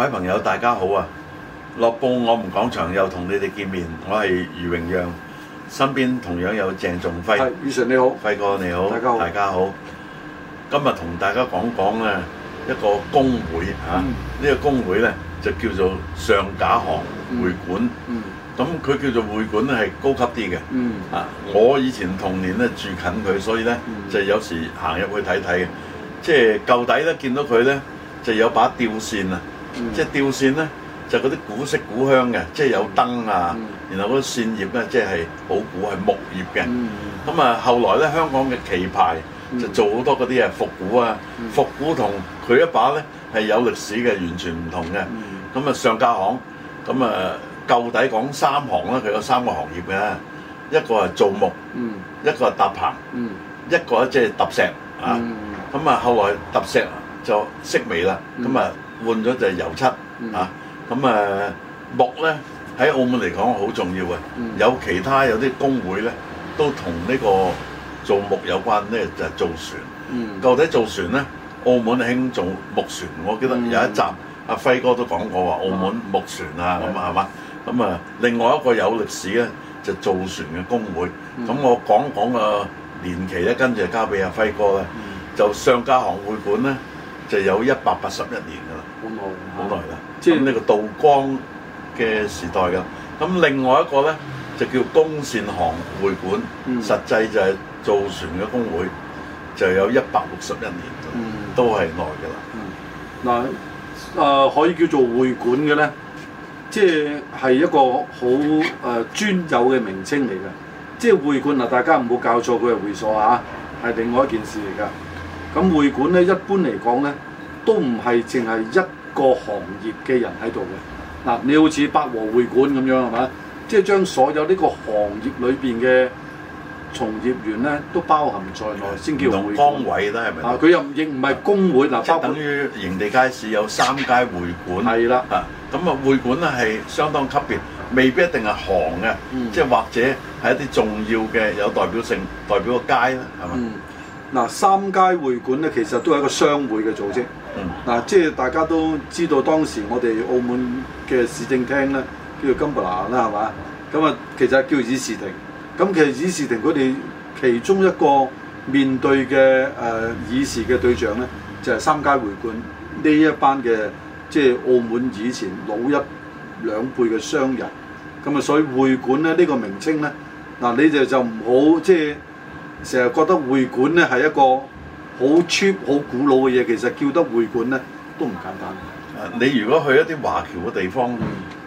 各位朋友，大家好啊！樂步，我們廣場又同你哋見面，我係余榮讓，身邊同樣有鄭仲輝。余 s 你好，輝哥你好，大家好。今日同大家講講咧一個工會吓，呢個工會咧就叫做上架行會館。咁佢、嗯嗯、叫做會館咧係高級啲嘅。啊、嗯，嗯、我以前童年咧住近佢，所以咧就有時行入去睇睇嘅。即係舊底咧見到佢咧就有把吊扇。啊！ 嗯、即係吊扇咧，就嗰、是、啲古色古香嘅，即係有燈啊，嗯、然後嗰啲扇葉咧，即係好古係木葉嘅。咁啊、嗯，嗯、後來咧香港嘅棋牌就做好多嗰啲啊復古啊，復、嗯、古同佢一把咧係有歷史嘅，完全唔同嘅。咁啊、嗯、上架行，咁啊舊底講三行啦，佢有三個行業嘅，一個係造木，嗯、一個係搭棚，嗯、一個即係揼石啊。咁啊後來揼石就息微啦，咁啊。嗯嗯嗯換咗就係油漆吓，咁、嗯、啊，啊，木咧喺澳門嚟講好重要嘅，嗯、有其他有啲工會咧都同呢個做木有關咧，就係、是、造船。舊、嗯、底造船咧，澳門興做木船，我記得有一集阿、嗯啊、輝哥都講過話澳門木船、嗯、啊咁啊係嘛？咁啊另外一個有歷史咧就造、是、船嘅工會，咁、嗯嗯、我講一講個年期咧，跟住交俾阿輝哥啦，就上架行會館咧。呢呢就有一百八十一年噶啦，好耐，好耐啦，即係呢個道光嘅時代㗎。咁另外一個咧就叫上架行會館，嗯、實際就係造船嘅工會，就有一百六十一年，嗯、都係耐㗎啦。嗱、嗯，誒、呃、可以叫做會館嘅咧，即係係一個好誒、呃、專有嘅名稱嚟嘅。即、就、係、是、會館嗱，大家唔好教錯佢係會所啊，係另外一件事嚟㗎。咁會館咧，一般嚟講咧，都唔係淨係一個行業嘅人喺度嘅。嗱，你好似百和會館咁樣係嘛，即係將所有呢個行業裏邊嘅從業員咧，都包含在內先叫會館。崗位咧係咪啊？佢又亦唔係工會，啊、括即等於營地街市有三街會館。係啦的，咁啊會館咧係相當級別，未必一定係行嘅，嗯、即係或者係一啲重要嘅有代表性、代表個街啦，係嘛？嗯嗱，三街會館咧，其實都係一個商會嘅組織。嗱，即係大家都知道當時我哋澳門嘅市政廳咧，叫做金巴拉啦，係嘛？咁啊，其實叫議事亭。咁其實議事亭佢哋其中一個面對嘅誒議事嘅對象咧，就係三街會館呢一班嘅即係澳門以前老一兩輩嘅商人。咁啊，所以會館咧呢個名稱咧，嗱你就就唔好即係。成日覺得會館咧係一個好 cheap、好古老嘅嘢，其實叫得會館咧都唔簡單。啊，你如果去一啲華僑嘅地方，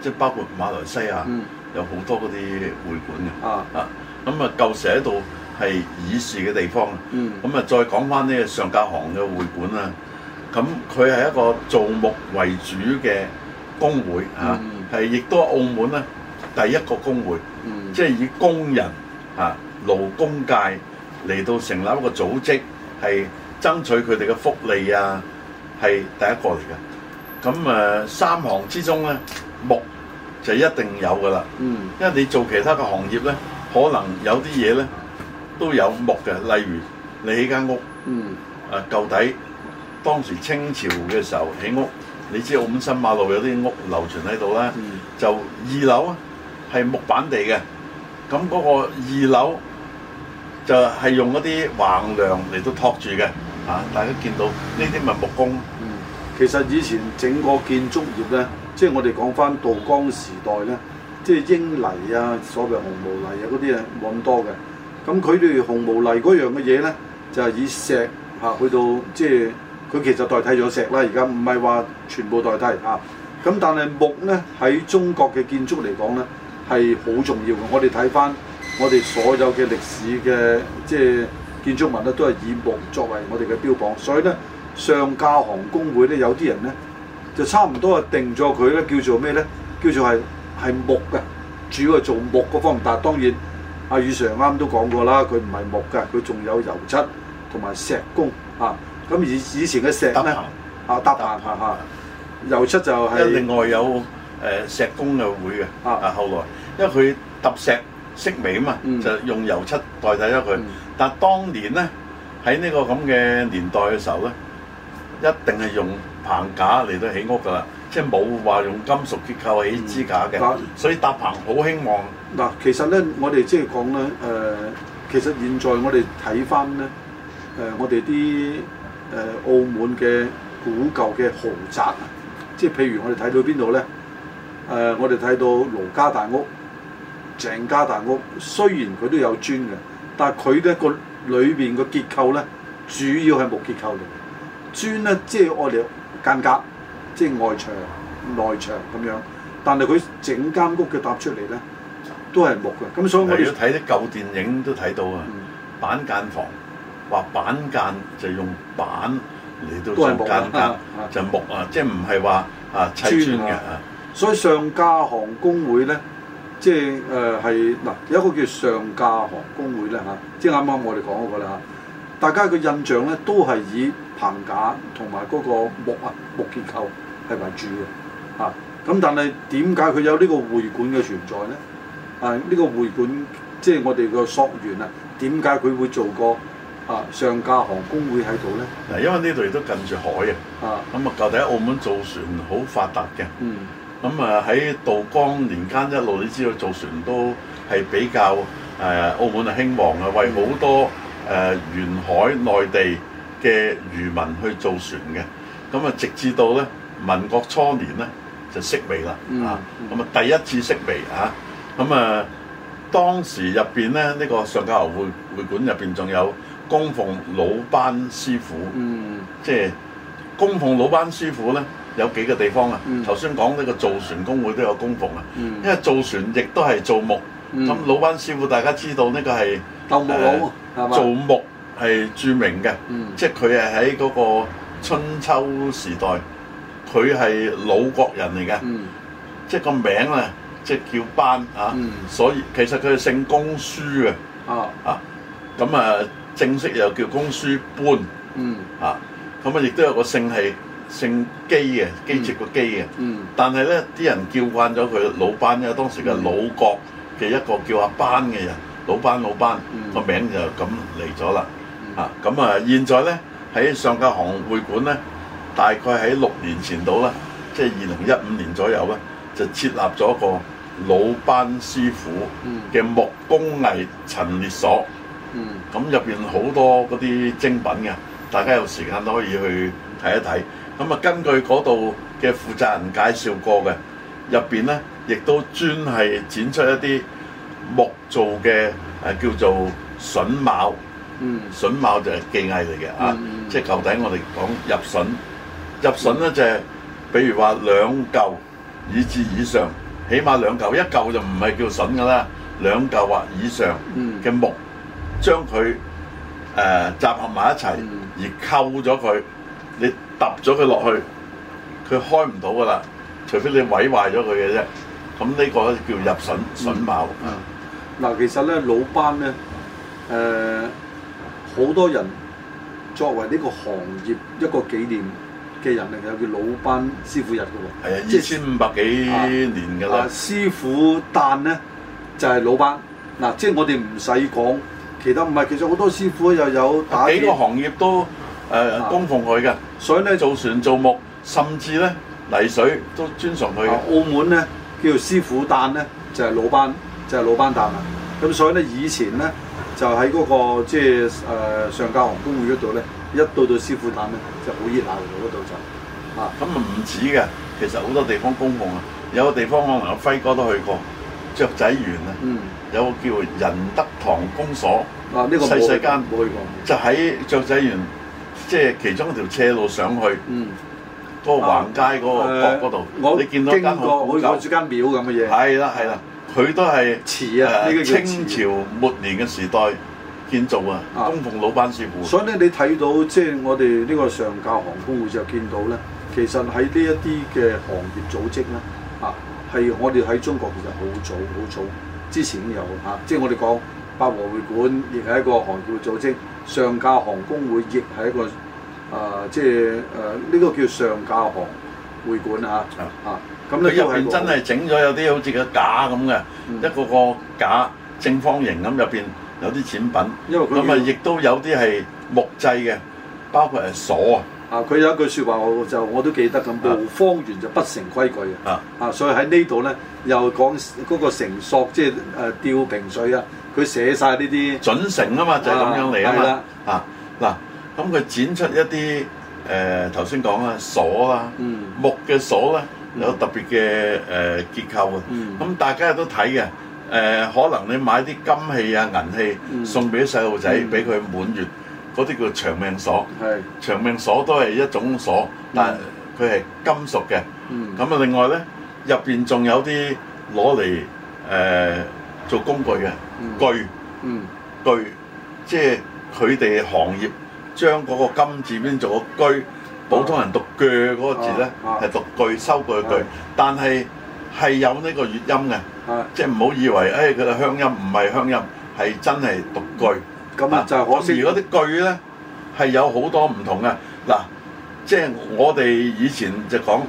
即係、嗯、包括馬來西亞，嗯、有好多嗰啲會館嘅。啊，咁啊舊時喺度係議事嘅地方。咁啊、嗯、再講翻咧上架行嘅會館啊，咁佢係一個造木為主嘅工會嚇，係亦都澳門咧第一個工會，嗯嗯、即係以工人嚇勞工界。嚟到成立一個組織，係爭取佢哋嘅福利啊，係第一個嚟嘅。咁誒、呃，三行之中咧，木就一定有噶啦。嗯，因為你做其他嘅行業咧，可能有啲嘢咧都有木嘅。例如你起間屋，嗯，誒舊、啊、底，當時清朝嘅時候起屋，你知澳門新馬路有啲屋流傳喺度啦，嗯、就二樓啊，係木板地嘅。咁、那、嗰個二樓。就係用嗰啲橫梁嚟到托住嘅，啊！大家見到呢啲咪木工、嗯。其實以前整個建築業呢，即、就、係、是、我哋講翻道光時代呢，即、就、係、是、英泥啊，所謂紅毛泥啊嗰啲啊冇咁多嘅。咁佢哋紅毛泥嗰樣嘅嘢呢，就係、是、以石嚇、啊、去到即係佢其實代替咗石啦。而家唔係話全部代替嚇。咁、啊、但係木呢，喺中國嘅建築嚟講呢，係好重要嘅。我哋睇翻。我哋所有嘅歷史嘅即係建築物咧，都係以木作為我哋嘅標榜，所以咧上架行工會咧，有啲人咧就差唔多係定咗佢咧叫做咩咧？叫做係係木嘅，主要係做木嗰方面。但係當然，阿宇 Sir 啱都講過啦，佢唔係木嘅，佢仲有油漆同埋石工嚇。咁、啊、以以前嘅石咧盈、啊，啊搭棚嚇，油漆就係、是、另外有誒石工嘅會嘅啊。後來因為佢揼石。色美啊嘛，嗯、就用油漆代替咗佢。嗯、但係當年咧，喺呢個咁嘅年代嘅時候咧，一定係用棚架嚟到起屋噶啦，即係冇話用金屬結構起支架嘅。嗯、所以搭棚好興旺。嗱、嗯，其實咧，我哋即係講咧，誒、呃，其實現在我哋睇翻咧，誒、呃，我哋啲誒澳門嘅古舊嘅豪宅，即係譬如我哋睇到邊度咧，誒、呃，我哋睇到盧家大屋。成家大屋，雖然佢都有磚嘅，但係佢呢個裏邊個結構咧，主要係木結構嚟。磚咧，即係我哋間隔，即係外牆、內牆咁樣。但係佢整間屋嘅搭出嚟咧，都係木嘅。咁所以我哋要睇啲舊電影都睇到啊，嗯、板間房話板間就用板嚟到做間隔，木啊啊、就木啊，即係唔係話啊砌磚嘅啊。所以上架行工會咧。即係誒係嗱，有、呃、一個叫上架行公會咧嚇、啊，即係啱啱我哋講嗰個啦嚇。大家個印象咧都係以棚架同埋嗰個木啊木結構係為主嘅嚇。咁但係點解佢有呢個會館嘅存在咧？啊，呢個會館即係我哋個溯源啊，點解佢會做個啊上架行公會喺度咧？嗱，因為呢度亦都近住海啊。啊，咁啊，舊時喺澳門造船好發達嘅。嗯。嗯。咁啊喺道光年間一路你知道做船都係比較誒、呃、澳門啊興旺啊，為好多誒、呃、沿海內地嘅漁民去做船嘅。咁、嗯、啊，嗯、直至到咧民國初年咧就息微啦嚇。咁、嗯嗯、啊第一次息微嚇。咁啊、嗯、當時入邊咧呢、呢個上架行會館入邊仲有供奉魯班師傅，即係、嗯、供奉魯班師傅咧。有幾個地方啊？頭先講呢個造船工會都有供奉啊，因為造船亦都係造木。咁魯班師傅大家知道呢個係鬥木佬，造木係著名嘅，即係佢係喺嗰個春秋時代，佢係魯國人嚟嘅，即係個名咧即係叫班啊，所以其實佢係姓公輸嘅啊啊，咁啊正式又叫公輸般，啊咁啊亦都有個姓係，姓基嘅基設個基嘅，基的基的嗯、但係咧啲人叫慣咗佢老班，因為當時嘅老國嘅一個叫阿班嘅人，嗯、老班老班個、嗯、名就咁嚟咗啦。啊、嗯，咁啊，現在咧喺上架行會館咧，大概喺六年前度啦，即係二零一五年左右咧，就設立咗個老班師傅嘅木工藝陳列所。嗯，咁入邊好多嗰啲精品嘅，大家有時間都可以去睇一睇。咁啊，根據嗰度嘅負責人介紹過嘅，入邊咧亦都專係展出一啲木做嘅誒、啊，叫做榫卯、嗯嗯。嗯。榫卯就係技藝嚟嘅啊，即係舊底我哋講入榫，入榫咧就係、是，比如話兩嚿以至以上，起碼兩嚿，一嚿就唔係叫榫㗎啦，兩嚿或以上嘅木，嗯嗯、將佢誒、呃、集合埋一齊而扣咗佢，你。揼咗佢落去，佢開唔到㗎喇，除非你毀壞咗佢嘅啫。咁呢個叫入榫榫卯。嗱，嗯嗯、其實咧老班咧，誒、呃、好多人作為呢個行業一個紀念嘅人嚟嘅，叫老班師傅日嘅喎。係啊的，二千五百幾年㗎啦、啊啊。師傅誕咧就係、是、老班。嗱、啊，即係我哋唔使講，其他唔係，其實好多師傅又有，有打幾個行業都。誒，供、 呃、奉佢嘅，所以咧造船造木，甚至咧泥水都專常去。澳門咧叫做師傅蛋咧，就係、是、老班，就係、是、老班誕啊。咁所以咧以前咧就喺嗰、那個即係誒上架行會館嗰度咧，一到到師傅誕咧就好熱鬧，嗰度就啊。咁啊唔止嘅，其實好多地方供奉啊。有個地方可能阿輝哥都去過，雀仔園啊。嗯。有個叫仁德堂公所啊，呢、這個冇去過。冇去過。就喺雀仔園。即係其中一條斜路上去，個橫、嗯嗯、街嗰個角度，啊、你見到間我見住間廟咁嘅嘢。係啦係啦，佢都係祠啊！呢個、啊啊、清朝末年嘅時代建造啊，東鳳老班師傅。所以咧，你睇到即係我哋呢個上架行工會就見到咧，其實喺呢一啲嘅行業組織咧，啊，係我哋喺中國其實好早好早之前有嚇，即、啊、係、就是、我哋講八和會館亦係一個行業組織，上架行工會亦係一個。誒、啊、即係誒呢個叫上架行會館啊！啊，咁佢入邊真係整咗有啲好似個架咁嘅，嗯、一個個架正方形咁入邊有啲展品，咁啊亦都有啲係木製嘅，包括係鎖啊。啊，佢有一句説話，我就我都記得嘅，無方圓就不成規矩啊。啊，所以喺呢度咧又講嗰個繩索，即係誒吊瓶水啊，佢寫晒呢啲準繩啊嘛，就係咁樣嚟啦。啊嗱。咁佢展出一啲，誒頭先講啦，鎖啦、木嘅鎖咧，有特別嘅誒結構啊，咁大家都睇嘅誒。可能你買啲金器啊、銀器送俾細路仔，俾佢滿月嗰啲叫長命鎖。係，長命鎖都係一種鎖，但係佢係金屬嘅。咁啊，另外咧入邊仲有啲攞嚟誒做工具嘅鋸，鋸即係佢哋行業，將嗰個金字邊做個「居」，普通人讀鋸嗰個字咧，係讀據，收據嘅據，但係係有呢個粵音嘅，的即係唔好以為誒佢哋鄉音唔係鄉音，係真係讀據。咁啊，就是、我先如果啲鋸咧係有好多唔同嘅嗱，即係我哋以前就講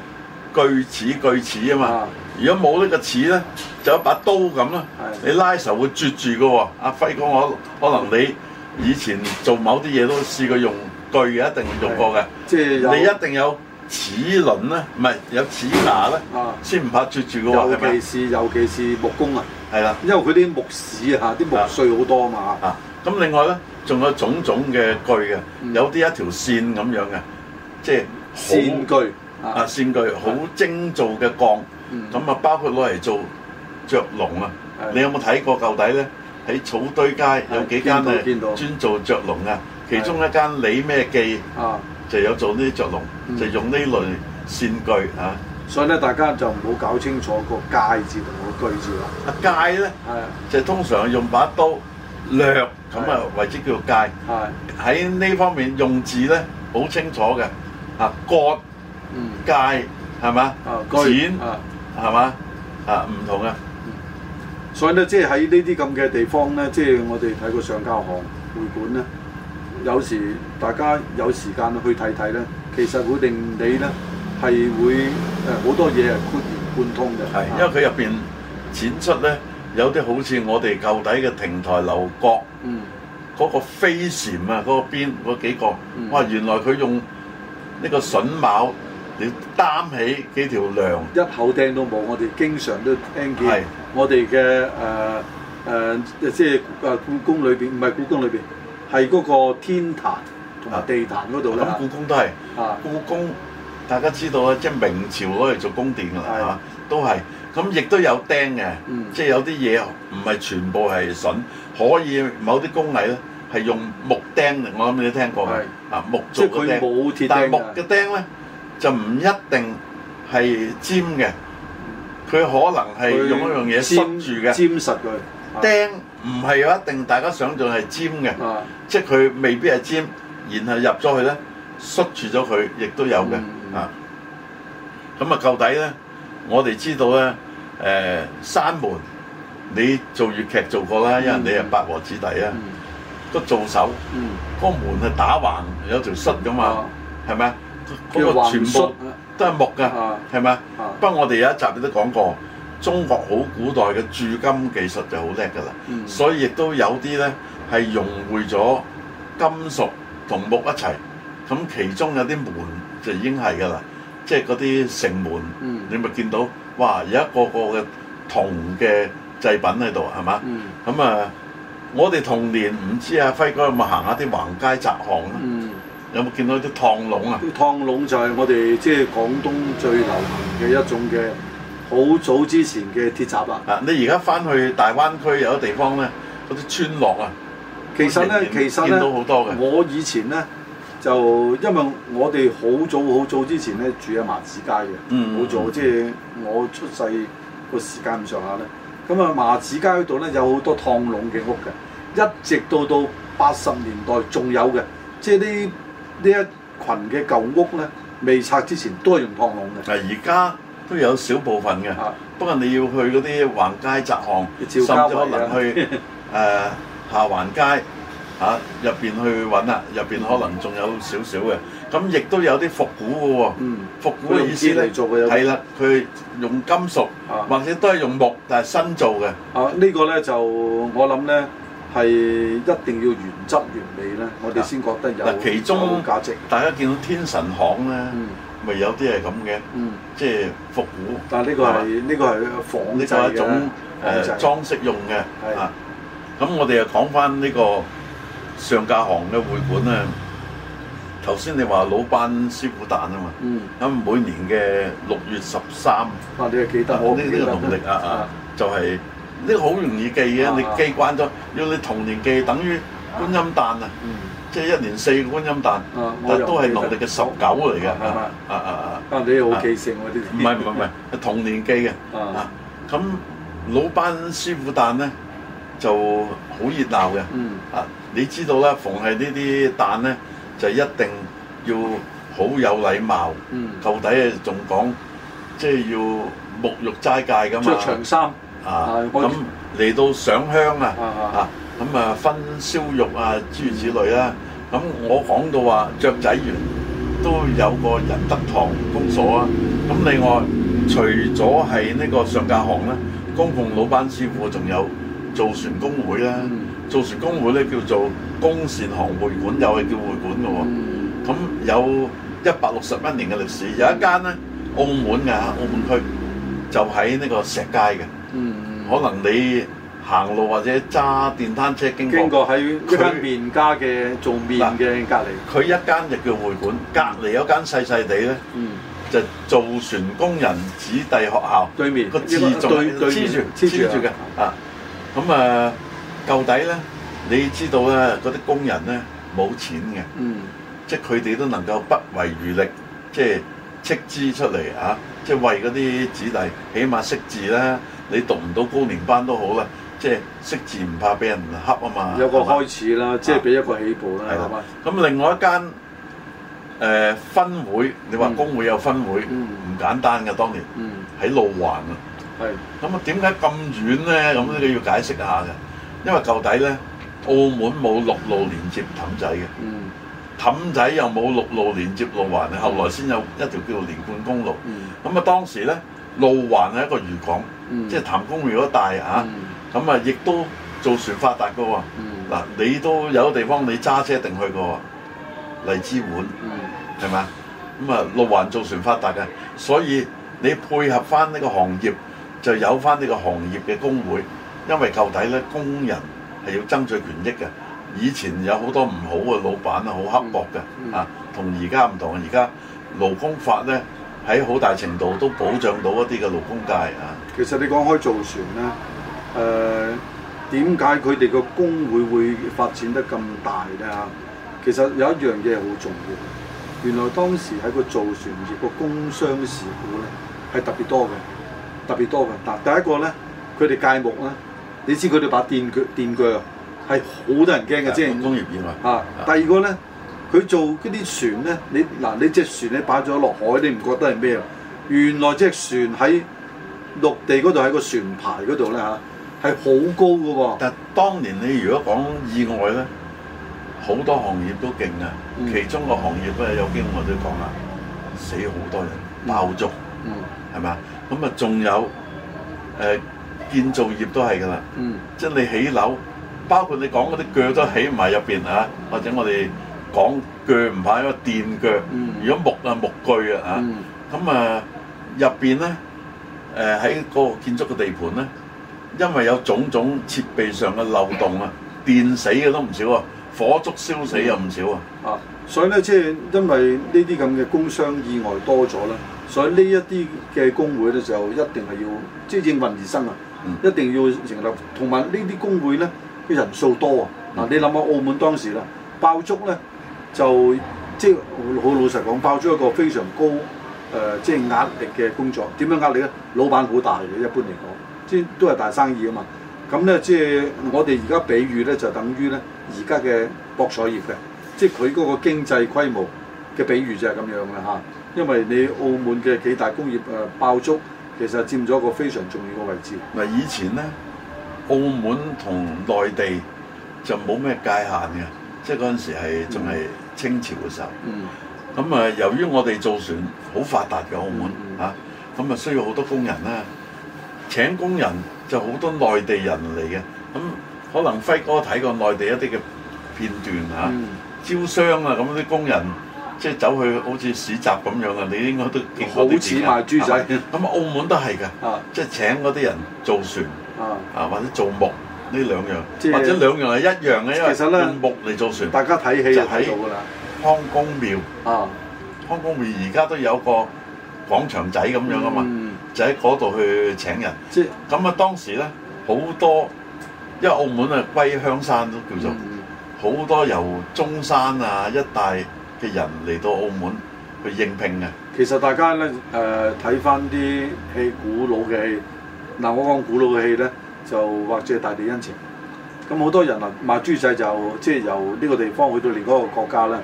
鋸齒鋸齒啊嘛。啊如果冇、這個、呢個齒咧，就一把刀咁啦。的你拉時候會啜住嘅喎。阿、啊、輝哥，我可能你。嗯以前做某啲嘢都試過用鋸嘅，一定用過嘅。即係你一定有齒輪咧，唔係有齒牙咧，先唔怕截住嘅，係咪？尤其是尤其是木工啊，係啦，因為佢啲木屎啊，啲木碎好多啊嘛。咁另外咧，仲有種種嘅鋸嘅，有啲一條線咁樣嘅，即係線鋸啊，線鋸好精造嘅鋼，咁啊，包括攞嚟做雀龍啊，你有冇睇過舊底咧？喺草堆街有幾間咧，專做雀籠啊，其中一間李咩記啊，就有做呢啲雀籠，就用呢類線鋸嚇、嗯嗯，所以咧，大家就唔好搞清楚個戒字同個鋸字咯。啊戒咧，係就係、通常用把刀掠咁啊，為之叫做戒。係喺呢方面用字咧，好清楚嘅。啊割，嗯，戒係嘛，啊剪係嘛，啊唔同啊。所以咧，即係喺呢啲咁嘅地方咧，即係我哋睇過上架行會館咧，有時大家有時間去睇睇咧，其實會令你咧係會誒好多嘢係豁然貫通嘅。係是，吧因為佢入邊展出咧，有啲好似我哋舊底嘅亭台樓閣，嗯，嗰個飛檐啊，嗰、那個邊嗰、那個、幾個，哇、嗯，原來佢用呢個榫卯嚟擔起幾條梁，一口釘都冇。我哋經常都聽見。我哋嘅誒誒即係誒故宮裏邊，唔係故宮裏邊，係嗰個天壇同埋地壇嗰度啦。咁故宮都係，故宮大家知道啦，即係明朝攞嚟做宮殿㗎喇，都係。咁亦都有釘嘅，即係有啲嘢唔係全部係筍，可以某啲工藝咧係用木釘嚟。我諗你都聽過，啊木做嘅釘，但係木嘅釘咧就唔一定係尖嘅。佢可能係用一樣嘢塞住嘅，尖實佢，釘唔係有一定大家想像係尖嘅，即係佢未必係尖，然後入咗去咧，塞住咗佢亦都有嘅啊。咁啊，到底咧。我哋知道咧，誒、呃，閂門你做粵劇做過啦，因為你係八和子弟啊，嗯、都做手個門係打橫有條塞噶嘛，係咪啊？嗯嗰個全部都係木㗎，係咪？不過，我哋有一集你都講過，中國好古代嘅鑄金技術就好叻㗎啦。嗯、所以亦都有啲咧係融匯咗金屬同木一齊，咁其中有啲門就已經係㗎啦，即係嗰啲城門。嗯、你咪見到哇，有一個個嘅銅嘅製品喺度，係嘛？咁、嗯嗯、啊，我哋童年唔知阿輝哥有冇行下啲橫街窄巷啦？嗯有冇見到啲趟籠啊？趟籠就係我哋即係廣東最流行嘅一種嘅，好早之前嘅鐵閘啦、啊。啊！你而家翻去大灣區有啲地方咧，嗰啲村落啊，其實咧，見其實咧，見到好多嘅。我以前咧就因為我哋好早好早之前咧住喺麻子街嘅，好、嗯、早即係、即係、我出世個時間咁上下咧。咁啊，麻子街度咧有好多趟籠嘅屋嘅，一直到到八十年代仲有嘅，即係啲。呢一群嘅舊屋咧，未拆之前都係用鋼龍嘅。啊，而家都有少部分嘅，不過你要去嗰啲橫街窄巷，甚至可能去誒、呃、 下橫街嚇入邊去揾啦，入邊可能仲有少少嘅。咁亦都有啲復古嘅喎。嗯，復古嘅意思嚟做嘅。係啦，佢用金屬，啊、或者都係用木，但係新做嘅。啊，這個、呢個咧就我諗咧。係一定要原汁原味咧，我哋先覺得有其中價值。大家見到天神行咧，咪有啲係咁嘅，即係復古。但係呢個係呢個係仿製嘅，誒裝飾用嘅。啊，咁我哋又講返呢個上架行嘅會館咧。頭先你話老班師傅誕啊嘛，咁每年嘅六月十三，啊你係記得我呢個農曆啊啊，就係。呢個好容易記嘅，你記慣咗，要你童年記等於觀音誕啊，即係一年四個觀音誕，都係落力嘅手狗嚟嘅。啊啊啊！但係你好記性喎，啲唔係唔係唔係，係童年記嘅。啊，咁老班師傅誕咧就好熱鬧嘅。啊，你知道啦，逢係呢啲誕咧就一定要好有禮貌。嗯，舊底啊仲講即係要沐浴齋戒㗎嘛？著長衫。啊，咁嚟到上香啊，啊咁啊，分燒肉啊，諸如此類啦、啊。咁我講到話雀仔園都有個仁德堂公所啊。咁另外除咗係呢個上架行咧、啊，公共老班師傅仲有造船工會啦、啊。造船工會咧叫做工善行會館，又係叫會館嘅喎、啊。咁有一百六十一年嘅歷史，有一間咧澳門啊，澳門區就喺呢個石街嘅。嗯， 可能你行路或者揸電單車經過，經過喺一間麵家嘅做麵嘅隔籬。佢一間就叫會館，隔籬有一間細細地咧，嗯、就造船工人子弟學校。對面個字，對黐住黐住住嘅。啊，咁啊，舊底咧，你知道咧，嗰啲工人咧冇錢嘅、嗯，即係佢哋都能夠不遺餘力，即係斥資出嚟啊！即係為嗰啲子弟起碼識字啦。你讀唔到高年班都好啦，即係識字唔怕俾人恰啊嘛！有個開始啦，即係俾一個起步啦，係咁，另外一間誒分會，你話工會有分會，唔簡單嘅，當年喺路環啊。係咁啊？點解咁遠咧？咁呢你要解釋下嘅，因為舊底咧澳門冇陸路連接氹仔嘅，氹仔又冇陸路連接路環，後來先有一條叫做連貫公路。咁啊，當時咧路環係一個漁港。即係譚公廟一帶，咁啊亦都造船發達嘅喎。嗱、嗯，你都有地方你揸車一定去過荔枝碗，係嘛、嗯？咁啊路環造船發達嘅，所以你配合翻呢個行業，就有翻呢個行業嘅工會，因為舊底咧工人係要爭取權益嘅。以前有多好多唔好嘅老闆啊，好刻薄嘅啊，同而家唔同。而家勞工法咧喺好大程度都保障到一啲嘅勞工界啊。其實你講開造船咧，誒點解佢哋個工會會發展得咁大咧？嚇，其實有一樣嘢係好重要，原來當時喺個造船業個工傷事故咧係特別多嘅，特別多嘅。嗱、呃，第一個咧，佢哋界木啦，你知佢哋把電鋸電鋸係好多人驚嘅先。啊、工業意外、啊啊。啊，第二個咧，佢做嗰啲船咧，你嗱你隻船咧擺咗落海，你唔覺得係咩？原來隻船喺～陸地嗰度喺個船牌嗰度咧嚇，係好高嘅喎、啊。但係當年你如果講意外咧，好多行業都勁啊。其中個行業咧，有機會我哋講啦，死好多人，爆竹，嗯，係嘛？咁啊，仲有誒建造業都係噶啦，嗯、即係你起樓，包括你講嗰啲腳都起唔埋入邊啊。或者我哋講腳唔怕，因為墊腳，嗯、如果木啊木具啊嚇，咁、嗯、啊入邊咧？誒喺嗰個建築嘅地盤咧，因為有種種設備上嘅漏洞啊，電死嘅都唔少啊，火燭燒死又唔少啊、嗯，啊！所以咧，即、就、係、是、因為呢啲咁嘅工傷意外多咗咧，所以呢一啲嘅工會咧就一定係要即、就是、應運而生啊，嗯、一定要成立。同埋呢啲工會咧，啲人數多啊，嗱你諗下澳門當時啦，爆竹咧就即、就是、好老實講，爆竹一個非常高。誒、呃、即係壓力嘅工作點樣壓力咧？老闆好大嘅，一般嚟講，即係都係大生意啊嘛。咁咧即係我哋而家比喻咧，就等於咧而家嘅博彩業嘅，即係佢嗰個經濟規模嘅比喻就係咁樣嘅。嚇。因為你澳門嘅幾大工業誒爆竹，其實佔咗一個非常重要嘅位置。嗱，以前咧澳門同內地就冇咩界限嘅，即係嗰陣時係仲係清朝嘅時候、嗯。嗯。咁啊，由於我哋做船好發達嘅澳門嚇，咁、嗯、啊需要好多工人啦。請工人就好多內地人嚟嘅，咁可能輝哥睇過內地一啲嘅片段嚇，啊嗯、招商啊咁啲工人即係、就是、走去好似市集咁樣啊，你應該都見過好似賣豬仔，咁吧、嗯、澳門都係㗎，即係、啊、請嗰啲人造船啊，或者做木呢兩樣，是或者兩樣係一樣嘅，因為用木嚟做船，大家睇戲就做㗎啦。康公廟啊，康公廟而家都有個廣場仔咁樣啊嘛，嗯、就喺嗰度去請人。咁啊即，當時咧好多，因為澳門啊歸香山都叫做，好、嗯、多由中山啊一帶嘅人嚟到澳門去應聘嘅。其實大家咧誒睇翻啲戲古老嘅戲，嗱我講古老嘅戲咧，就或者係《大地恩情》。咁好多人啊，賣豬仔就即係、就是、由呢個地方去到另一個國家咧。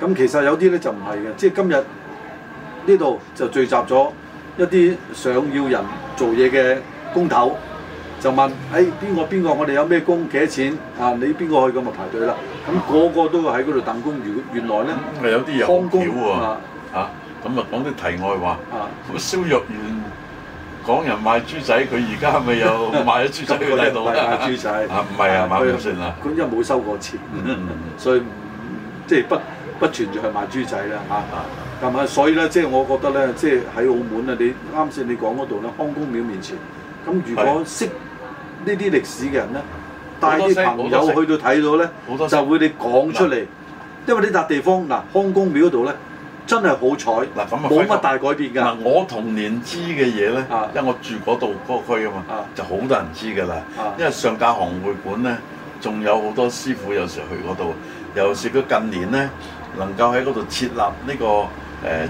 咁 其實有啲咧就唔係嘅，即係今日呢度就聚集咗一啲想要人做嘢嘅工頭，就問，誒邊個邊個？我哋有咩工幾多錢？啊，你邊個去咁啊排隊啦？咁、那個個都喺嗰度等工。原原來咧，係、嗯、有啲人幫工喎，嚇、啊。咁啊講啲、啊啊啊啊啊、題外話。啊，蕭若元，港人賣豬仔，佢而家咪又賣咗豬仔嚟到啦。豬 仔啊？唔係啊，買點、嗯、算啊？咁又冇收過錢，所以即係不。 不存在係賣豬仔啦嚇，係咪？吧所以咧，即係我覺得咧，即係喺澳門啊，你啱先你講嗰度咧，康公廟面前，咁如果識呢啲歷史嘅人咧，的帶啲朋友去到睇到咧，好多就會你講出嚟，因為呢笪地方嗱康公廟嗰度咧，真係好彩，嗱咁冇乜大改變㗎。嗱我童年知嘅嘢咧，因為我住嗰度嗰個區啊嘛，就好多人知㗎啦。因為上架行會館咧，仲有好多師傅有時去嗰度，尤其是佢近年咧。能夠喺嗰度設立呢個誒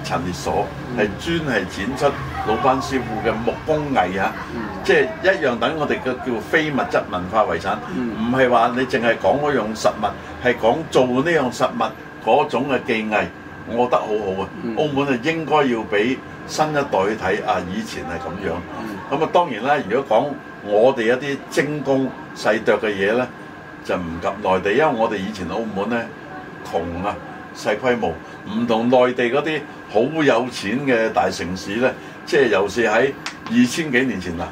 陳列所，係、嗯、專係展出老班師傅嘅木工藝啊！嗯、即係一樣等我哋嘅叫非物質文化遺產，唔係話你淨係講嗰樣實物，係講做呢樣實物嗰種嘅技藝，我覺得好好啊！澳門啊，應該要俾新一代去睇啊，以前係咁樣。咁啊、嗯，當然啦，如果講我哋一啲精工細琢嘅嘢咧，就唔及內地，因為我哋以前澳門咧窮啊。細規模唔同內地嗰啲好有錢嘅大城市咧，即係尤其喺二千幾年前啦，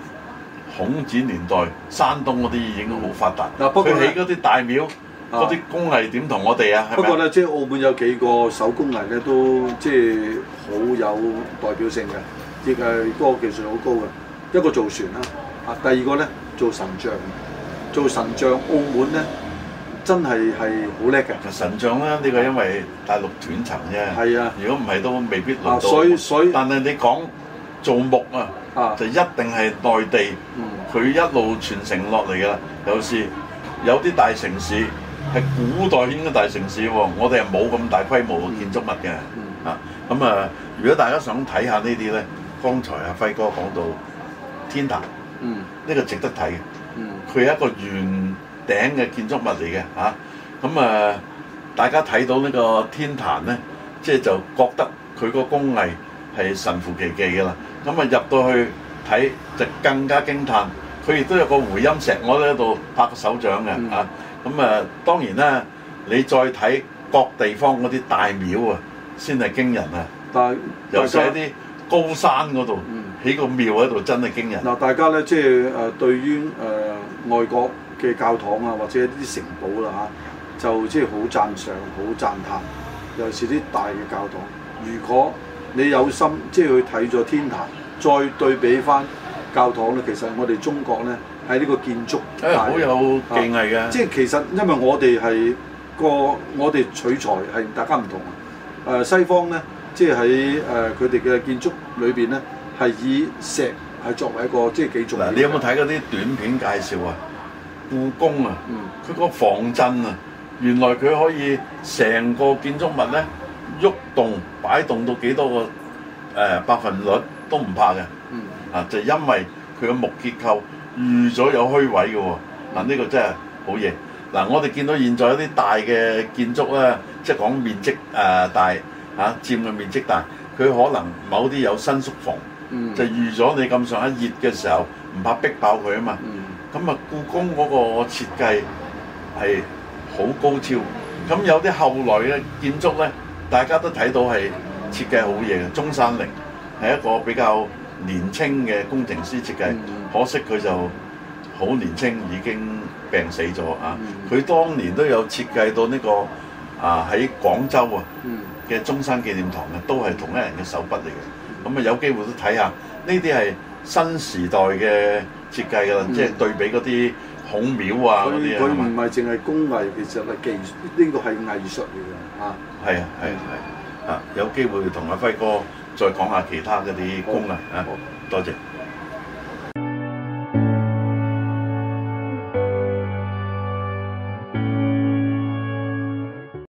孔子年代，山東嗰啲已經好發達。嗱，不過佢起嗰啲大廟，嗰啲、啊、工藝點同我哋啊？不過咧，即係澳門有幾個手工藝咧，都即係好有代表性嘅，亦係嗰個技術好高嘅。一個做船啦，啊，第二個咧做神像，做神像澳門咧。真係係好叻嘅神像啦！呢、這個因為大陸斷層啫。係啊，如果唔係都未必輪到、啊。所以所以。但係你講做木啊，啊就一定係內地，佢、嗯、一路傳承落嚟㗎。有時有啲大城市係古代興嘅大城市喎，我哋係冇咁大規模嘅建築物嘅。啊、嗯，咁啊，如果大家想睇下呢啲呢，剛才阿、啊、輝哥講到天壇，呢、嗯、個值得睇。佢係一個原。頂嘅建築物嚟嘅嚇，咁啊，大家睇到呢個天壇咧，即係就覺得佢個工藝係神乎其技嘅啦。咁啊，入到去睇就更加驚歎。佢亦都有個迴音石，我喺度拍個手掌嘅嚇。咁啊，當然啦，你再睇各地方嗰啲大廟啊，先係驚人啊。但係尤其啲高山嗰度起個廟喺度，真係驚人。嗱，大家咧即係誒對於誒外國嘅教堂啊，或者啲城堡啦嚇、啊，就即係好讚賞、好讚嘆。尤其是啲大嘅教堂。如果你有心即係去睇咗天壇，再對比翻教堂咧，其實我哋中國咧喺呢個建築、哎，好有技藝嘅。即係其實因為我哋係個我哋取材係大家唔同啊。誒、呃、西方咧，即係喺誒佢哋嘅建築裏邊咧，係以石係作為一個即係幾重要。你有冇睇嗰啲短片介紹啊？故宮啊，佢個防震啊，原來佢可以成個建築物咧喐動擺動，動到幾多個誒、呃、百分率都唔怕嘅，嗱、嗯啊、就是、因為佢個木結構預咗有虛位嘅喎，嗱、啊、呢、這個真係好嘢。嗱、啊、我哋見到現在一啲大嘅建築咧、啊，即係講面積誒大嚇佔嘅面積大，佢、啊、可能某啲有伸縮縫，嗯、就預咗你咁上下熱嘅時候唔怕逼爆佢啊嘛。嗯咁啊，故宮嗰個設計係好高超。咁有啲後來嘅建築呢，大家都睇到係設計好嘢嘅。中山陵係一個比較年輕嘅工程師設計，嗯、可惜佢就好年輕已經病死咗啊！佢、嗯、當年都有設計到呢、呢個啊喺廣州啊嘅中山紀念堂嘅，都係同一人嘅手筆嚟嘅。咁啊，有機會都睇下呢啲係新時代嘅設計㗎啦，嗯、即係對比嗰啲孔廟啊啲啊，佢唔係淨係工藝，其實係技術，呢個係藝術嚟嘅，嚇、啊。係啊係係啊，啊，啊，有機會同阿輝哥再講下其他嗰啲工藝好啊，好多謝。